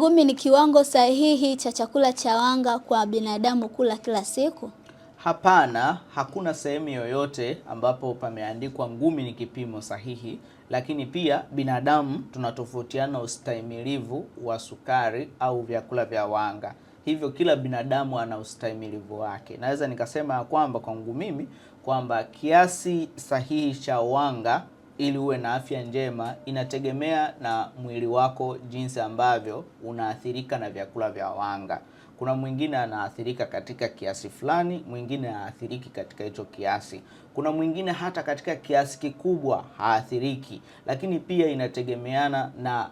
ngumi ni kiwango sahihi cha chakula cha wanga kwa binadamu kula kila siku? Hapana, hakuna sehemu yoyote ambapo pameandikwa ngumi ni kipimo sahihi, lakini pia binadamu tunatofautiana ustahimilivu wa sukari au vyakula vya wanga. Hivyo kila binadamu ana ustahimilivu wake. Naweza nikasema ya kwamba kwangu mimi kwamba kiasi sahihi cha wanga ili uwe na afya njema inategemea na mwili wako jinsi ambavyo unaathirika na vyakula vya wanga. Kuna mwingine anaathirika katika kiasi fulani, mwingine haathiriki katika hicho kiasi. Kuna mwingine hata katika kiasi kikubwa haathiriki, lakini pia inategemeana na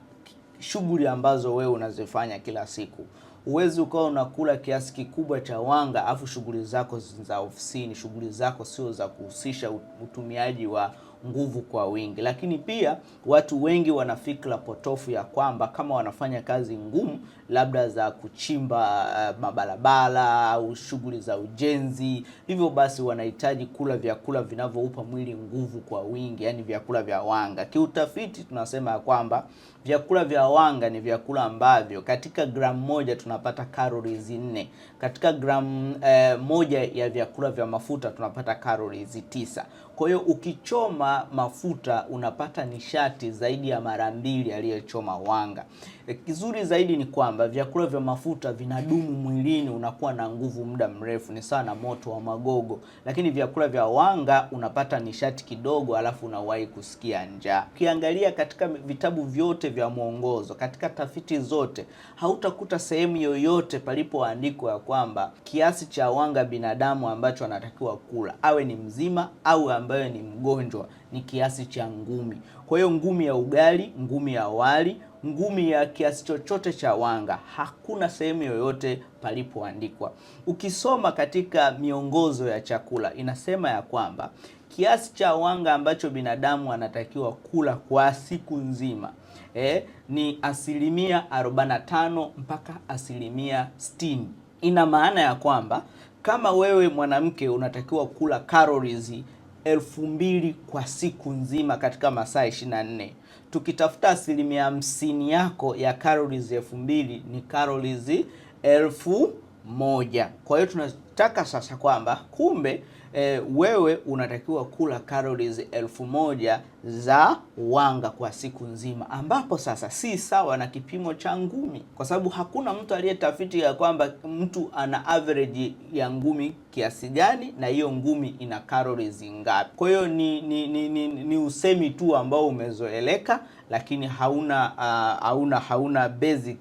shughuli ambazo wewe unazifanya kila siku. Huwezi ukawa unakula kiasi kikubwa cha wanga afu shughuli zako za ofisini, shughuli zako sio za kuhusisha utumiaji wa nguvu kwa wingi. Lakini pia watu wengi wana fikra potofu ya kwamba kama wanafanya kazi ngumu labda za kuchimba uh, mabarabara au shughuli za ujenzi, hivyo basi wanahitaji kula vyakula vinavyoupa mwili nguvu kwa wingi, yani vyakula vya wanga. Kiutafiti tunasema ya kwamba vyakula vya wanga ni vyakula ambavyo katika gramu moja tunapata calories nne, katika gramu eh, moja ya vyakula vya mafuta tunapata calories tisa. Kwa hiyo ukichoma mafuta unapata nishati zaidi ya mara mbili aliyechoma wanga. Eh, kizuri zaidi ni kwamba vyakula vya mafuta vinadumu mwilini, unakuwa na nguvu muda mrefu, ni sawa na moto wa magogo. Lakini vyakula vya wanga unapata nishati kidogo, alafu unawahi kusikia njaa. Ukiangalia katika vitabu vyote vya mwongozo, katika tafiti zote, hautakuta sehemu yoyote palipoandikwa ya kwamba kiasi cha wanga binadamu ambacho anatakiwa kula awe ni mzima au ambayo ni mgonjwa ni kiasi cha ngumi. Kwa hiyo ngumi ya ugali, ngumi ya wali, ngumi ya kiasi chochote cha wanga, hakuna sehemu yoyote palipoandikwa. Ukisoma katika miongozo ya chakula inasema ya kwamba kiasi cha wanga ambacho binadamu anatakiwa kula kwa siku nzima eh, ni asilimia 45 mpaka asilimia 60. Ina maana ya kwamba kama wewe mwanamke unatakiwa kula calories elfu mbili kwa siku nzima katika masaa nne Tukitafuta asilimia hamsini yako ya calories elfu mbili ni calories elfu moja. Kwa hiyo tunataka sasa kwamba kumbe e, wewe unatakiwa kula calories elfu moja za wanga kwa siku nzima, ambapo sasa si sawa na kipimo cha ngumi, kwa sababu hakuna mtu aliyetafiti ya kwamba mtu ana average ya ngumi kiasi gani na hiyo ngumi ina calories ngapi. Kwa hiyo ni, ni, ni, ni, ni usemi tu ambao umezoeleka, lakini hauna, uh, hauna, hauna basic